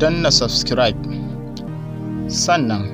danna subscribe sannan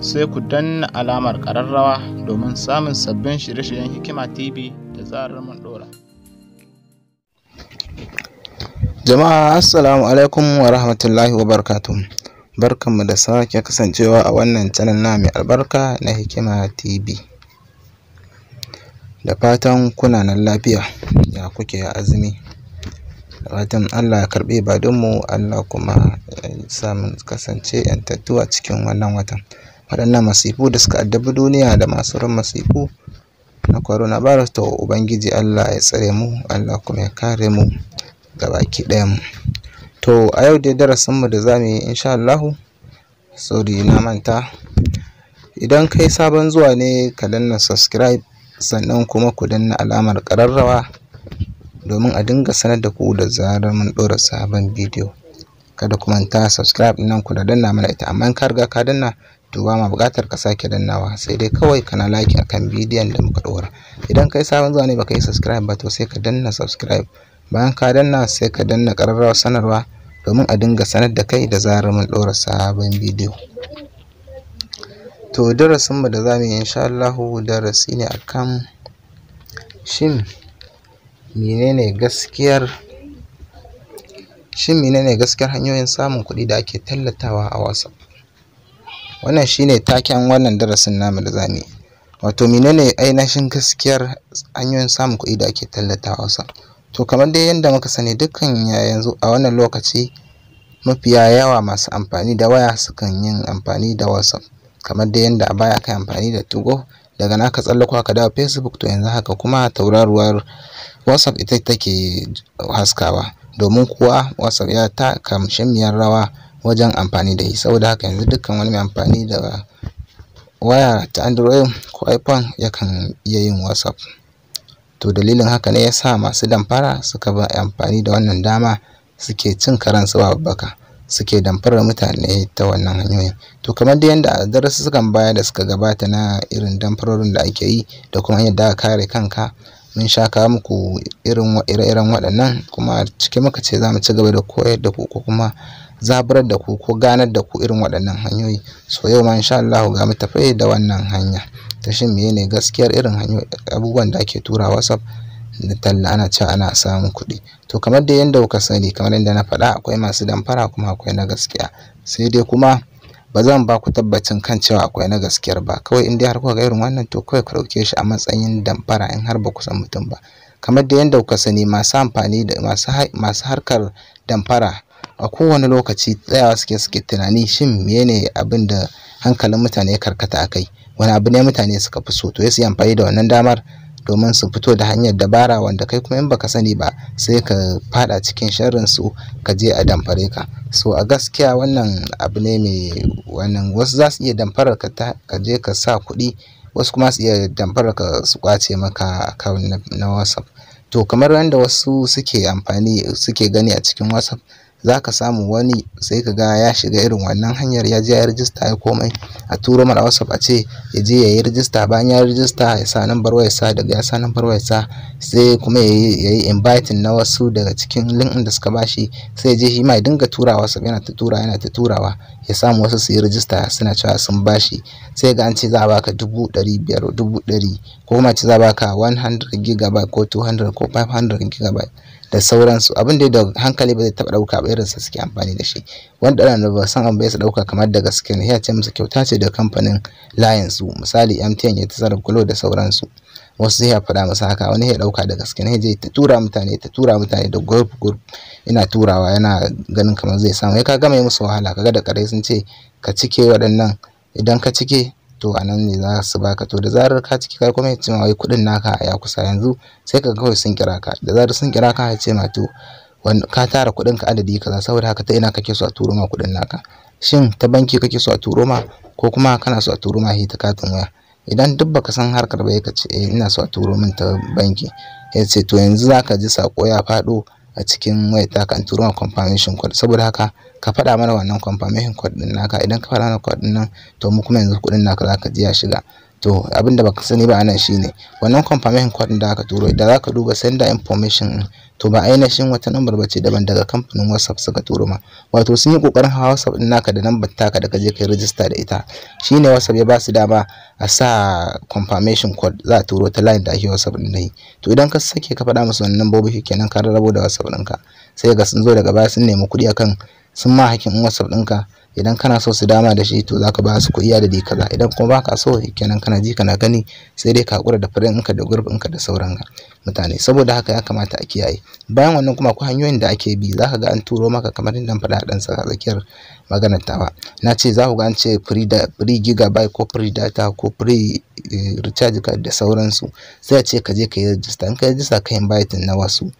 sai ku danna alamar ƙararrawa domin samun sabbin shirye-shiryen hikima tv da zarar mun dora jama'a assalamu alaikum wa rahmatullahi wa barkatu barkanmu da sake kasancewa a wannan canal na mai albarka na hikima tv da fatan kuna nan lafiya ya kuke azumi fatan Allah ya karɓi ibadunmu Allah kuma ya sa mu kasance yantattu a cikin wannan watan waɗannan masifu da suka addabi duniya da masu ran masifu na virus to ubangiji Allah ya tsare mu Allah kuma ya kare mu baki ɗayan mu to a yau dai darasin mu da zamu yi insha Allah sorry na manta idan kai sabon zuwa ne ka danna subscribe sannan kuma ku danna alamar ƙararrawa domin a dinga sanar da ku da zarar mun ɗora sabon bidiyo kada ku manta subscribe nan ku da danna mana ita amma in ka riga ka danna to ba ma buƙatar ka sake dannawa sai dai kawai kana like akan bidiyon da muka ɗora idan kai sabon zuwa ne baka yi subscribe ba to sai ka danna subscribe bayan ka danna sai ka danna ƙararrawar sanarwa domin a dinga sanar da kai da zarar mun ɗora sabon bidiyo to darasin mu da za mu yi insha Allah darasi ne akan shin menene gaskiyar shin menene gaskiyar hanyoyin samun kuɗi da ake tallatawa a WhatsApp wannan shine taken wannan darasin namu da zamu yi wato menene ainihin gaskiyar hanyoyin samun kuɗi da ake tallatawa a WhatsApp to kamar dai yadda muka sani dukkan yanzu a wannan lokaci mafiya yawa masu amfani da waya sukan yin amfani da WhatsApp kamar dai yadda a baya kai amfani da 2 daga naka tsallako ka dawo facebook to yanzu haka kuma tauraruwar whatsapp ita take haskawa domin kuwa whatsapp ya ta miyar rawa wajen amfani da shi saboda haka yanzu dukkan wani mai amfani da waya ta android ko iphone yakan iya yin whatsapp to dalilin haka ne ya sa masu damfara suka ba amfani da wannan dama suke cin karansu ba babbaka suke damfarar mutane ta wannan hanyoyin to kamar da yadda suka baya da suka gabata na irin damfarorin da ake yi da kuma yadda ka kare kanka mun sha kawo muku irin ire-iren waɗannan kuma cike muka ce za mu ci gaba da koyar da ku ko kuma zaburar da ku ko ganar da ku irin waɗannan hanyoyi so yau ma insha Allah ga mu tafi da wannan hanya ta shin menene gaskiyar irin abubuwan da ake tura WhatsApp na talla ana cewa ana samun kuɗi to kamar da yadda kuka sani kamar yadda na faɗa akwai masu damfara kuma akwai na gaskiya sai dai kuma ba zan ba ku tabbacin kan cewa akwai na gaskiyar ba kawai in dai har kuka ga irin wannan to kawai ku ɗauke shi a matsayin damfara in har ba ku san mutum ba kamar da yadda kuka sani masu amfani da masu harkar damfara a kowane lokaci tsayawa suke suke tunani shin menene abin da hankalin mutane ya karkata a kai wani abu ne mutane suka fi so to ya su amfani da wannan damar domin su fito da hanyar dabara wanda kai kuma in baka sani ba sai ka fada cikin sharrin su ka je a damfare ka so a gaskiya wannan abu ne mai wannan wasu za su iya damfarar ka ka je ka sa kuɗi wasu kuma su iya damfarar ka su kwace maka account na, na WhatsApp to kamar yadda wasu suke amfani suke gani a cikin WhatsApp za ka samu wani sai ka ga ya shiga irin wannan hanyar ya je ya rijista ya komai a turo mara whatsapp a ce ya je ya yi rijista bayan ya rijista ya sa nambar sa daga ya sa nambar sa sai kuma ya yi inviting na wasu daga cikin link da suka bashi sai ya je shi ma dinga turawa sa yana ta turawa, yana ta turawa ya samu wasu su yi rijista suna cewa sun bashi sai ga an ce za a baka dubu ɗari biyar dubu ɗari ko kuma ce za a baka 100 gigabyte ko 200 ko 500 gigabyte da sauransu abin da da hankali ba zai taɓa ɗauka ba irinsa suke amfani da shi wanda ana ba san an bai su ɗauka kamar da gaske ne ya ce musu kyauta ce da kamfanin lions su misali MTN ya tsara kulo da sauransu wasu ya faɗa masa haka wani ya ɗauka da gaske ne zai ta tura mutane ta tura mutane da group group ina turawa yana ganin kamar zai samu ya ka gama musu wahala kaga da kare sun ce ka cike waɗannan idan ka cike to a nan ne za su baka to da zarar ka ciki ka kuma ce ma wai kuɗin naka ya kusa yanzu sai ka kawai sun kira ka da zarar sun kira ka ya ce ma to ka tara kuɗin ka adadi kaza saboda haka ta ina kake so a turo ma kuɗin naka shin ta banki kake so a turo ma ko kuma kana so a turo ma ta katin waya idan duk baka san harkar ba ka ce eh, ina so a turo min ta banki ya to yanzu zaka ji sako ya faɗo a cikin wai ta in turo ma confirmation code saboda haka ka faɗa mana wannan confirmation code din naka idan ka faɗa mana code din nan to mu kuma yanzu kuɗin naka zaka je ya shiga to abinda da baka sani ba anan shine wannan confirmation code da aka turo idan zaka duba sender information to ba ainihin wata lambar ce daban daga kamfanin WhatsApp suka turo ma wato sun yi kokarin hawa WhatsApp din naka da lambar taka da kaje kai register da ita shine WhatsApp ya ba su dama a sa confirmation code za a turo ta line da ake WhatsApp din dai to idan ka sake ka faɗa musu wannan lambobi kenan ka rarrabo da WhatsApp ɗinka sai ga sun zo daga baya sun nemi kuɗi akan sun ma hakin whatsapp ɗinka idan kana so su dama da shi to zaka ba su kuɗi da dai kaza idan kuma ba ka so kenan kana ji kana gani sai dai ka hakura da furen ɗinka da gurbin ka da sauran mutane saboda haka ya kamata a kiyaye bayan wannan kuma akwai hanyoyin da ake bi zaka ga an turo maka kamar inda faɗa dan sa tsakiyar maganar tawa na ce za ku ga an ce free da free gigabyte ko free data ko free eh, recharge card da sauransu sai a ce ka je ka yi register in ka yi register ka yi na wasu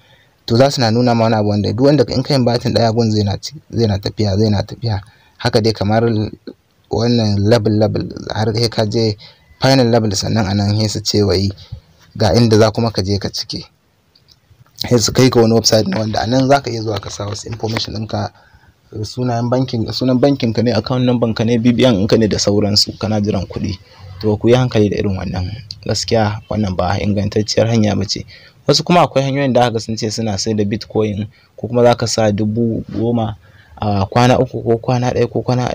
to za su na nuna ma wani abu wanda duk wanda in ka yin batin daya gun zai na zai na tafiya zai na tafiya haka dai kamar wannan level level har kai ka je final level sannan anan sai su ce wai ga inda za kuma ka je ka cike sai su kai ka wani website na wanda anan za ka iya zuwa ka sa wasu information ɗinka sunan bankin bankin ka ne account number ka ne BBN ka ne da sauransu kana jiran kuɗi to ku yi hankali da irin wannan gaskiya wannan ba ingantacciyar hanya ba ce wasu kuma akwai hanyoyin da aka sun ce suna sai da bitcoin ko kuma za ka sa dubu goma a kwana uku ko kwana ɗaya ko kwana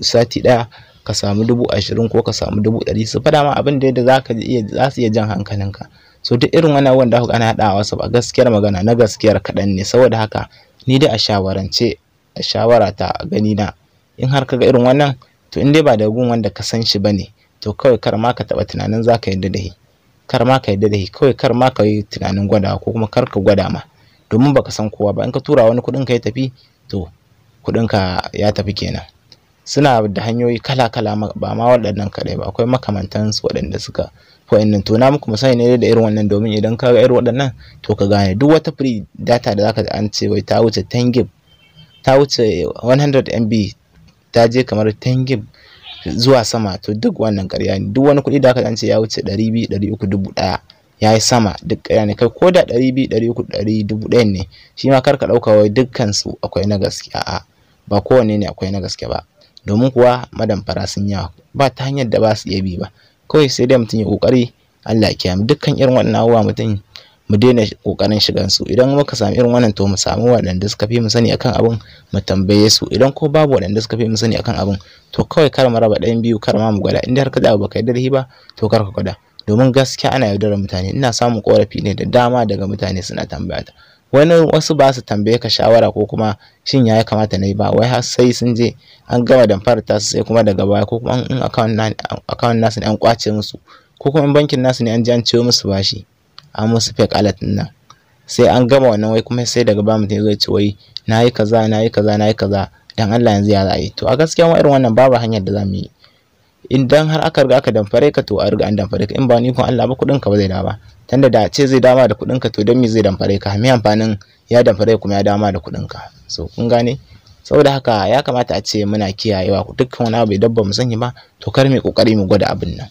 sati ɗaya ka samu dubu ashirin ko ka samu dubu ɗari su faɗa ma abin da yadda za ka iya za su iya jan hankalinka so duk irin wannan wanda aka ana haɗawa su a gaskiyar magana na gaskiyar kaɗan ne saboda haka ni dai a shawarance shawara ta gani na in har ka ga irin wannan to in dai ba da gun wanda ka san shi bane to kawai kar ma ka taba tunanin zaka yadda da shi kar ma ka yadda da shi kawai kar ma ka yi tunanin gwada? ko kuma kar ka gwada ma domin baka san kowa ba in ka tura wani kudin ka ya tafi to kuɗin ka ya tafi kenan suna da hanyoyi kala-kala ba ma waɗannan kaɗai ba akwai makamantan su waɗanda suka wa'annan to na muku musani ne da irin wannan domin idan ka ga irin waɗannan to ka gane duk wata free data da zaka an ce wai ta wuce 10 gig ta wuce 100 MB ta je kamar 10 gb zuwa sama to duk wannan ƙarya ne duk wani kuɗi da aka ce ya wuce 200 300 ya yi sama duk ƙarya ne kai ko da 200 300 dubu ne shi ma kar ka ɗauka wai dukkan su akwai na gaskiya a ba kowanne ne akwai na gaske ba domin kuwa fara sun yawa ba ta hanyar da ba su iya bi ba kawai sai dai mutum ya ƙoƙari Allah ya kiyaye dukkan irin wannan abubuwa mutum mu daina kokarin shigan su idan muka samu irin wannan to mu samu waɗanda suka fi mu sani akan abin mu tambaye su idan ko babu waɗanda suka fi mu sani akan abin to kawai kar mu raba ɗayan biyu kar ma mu gwada in har ka da baka yarda da ba to kar ka gwada domin gaskiya ana yaudarar mutane ina samun korafi ne da dama daga mutane suna tambaya ta wani wasu ba su tambaye ka shawara ko kuma shin ya kamata na yi ba wai har sai sun je an gama damfarar tasu sai kuma daga baya ko kuma in account nasu ne an kwace musu ko kuma bankin nasu ne an ji an ciwo musu bashi an musu fake alert din nan sai an gama wannan wai kuma sai daga ba mutum zai ce wai na yi kaza na yi kaza na kaza dan Allah yanzu ya za a yi to a gaskiya ma irin wannan babu hanyar da za mu yi idan har aka riga aka damfare ka to a riga an damfare ka in ba ni kun Allah ba kuɗin ka ba zai dawo ba tunda da ce zai dama da kuɗin ka to dan me zai damfare ka me amfanin ya damfare kuma ya dama da kuɗin ka so kun gane saboda haka ya kamata a ce muna kiyayewa dukkan wani abu dabba mu sani ba to kar mu kokari mu gwada abin nan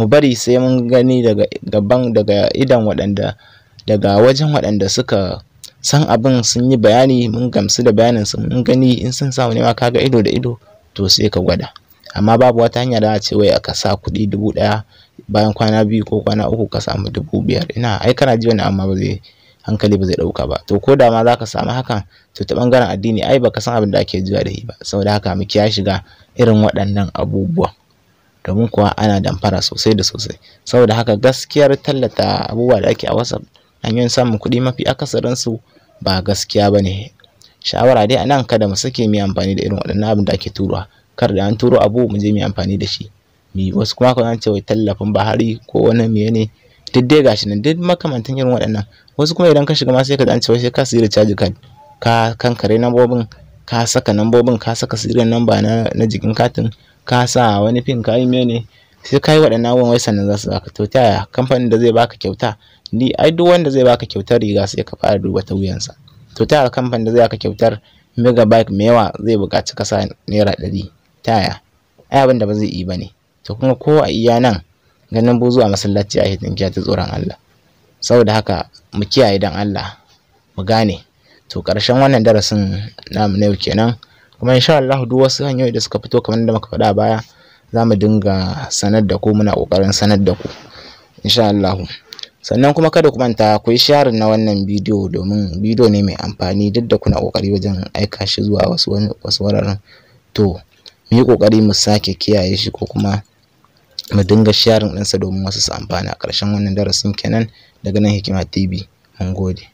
mu bari sai mun gani daga gaban daga idan waɗanda daga wajen waɗanda suka san abin sun yi bayani mun gamsu da bayanin sun mun gani in sun samu nema ga ido da ido to sai ka gwada amma babu wata hanya da ce wai ka sa kuɗi dubu ɗaya bayan kwana biyu ko kwana uku ka samu dubu biyar ina ai kana ji wani amma ba zai hankali ba zai ɗauka ba to ko da ma za ka samu hakan to ta ɓangaren addini ai baka san abin da ake jiwa da shi ba saboda haka mu kiya shiga irin waɗannan abubuwa domin kuwa ana damfara sosai da sosai saboda haka gaskiyar tallata abubuwa da ake a whatsapp hanyoyin samun kuɗi mafi akasarinsu ba gaskiya ba ne shawara dai anan kada mu sake mu amfani da irin waɗannan abin da ake turuwa kar da an turo abu mu je mu amfani da shi mi wasu kuma kan ce wai tallafin bahari ko wani miye ne duk dai gashi nan duk makamantan irin waɗannan wasu kuma idan ka shiga ma sai ka an ce wai sai ka sayi recharge card ka kankare nambobin ka saka nambobin ka saka sirrin namba na, na jikin katin ka sa wani fim ka yi mene sai ka yi waɗannan abubuwan wai sannan za su zaka to ta kamfanin da zai baka kyauta ni ai duk wanda zai baka kyautar riga sai ka fara duba ta wuyansa to ta kamfanin da zai baka kyautar megabyte mai yawa zai buƙaci ka naira ɗari ta yaya ai abin da ba zai yi ba ne to kuma ko a iya nan ganin bu zuwa masallaci a hitin ta tsoron Allah saboda haka mu kiyaye dan Allah mu gane to ƙarshen wannan darasin namu na yau kenan kuma insha Allah duk wasu hanyoyi da suka fito kamar da muka faɗa baya za mu dinga sanar da ku muna ƙoƙarin sanar da ku insha Allah sannan kuma kada ku manta ku yi sharing na wannan bidiyo domin bidiyo ne mai amfani duk da kuna kokari wajen aika shi zuwa wasu wasu wuraren to mu yi ƙoƙari mu sake kiyaye shi ko kuma mu dinga sharing ɗinsa domin wasu su amfana ƙarshen wannan darasin kenan daga nan hikima tv mun gode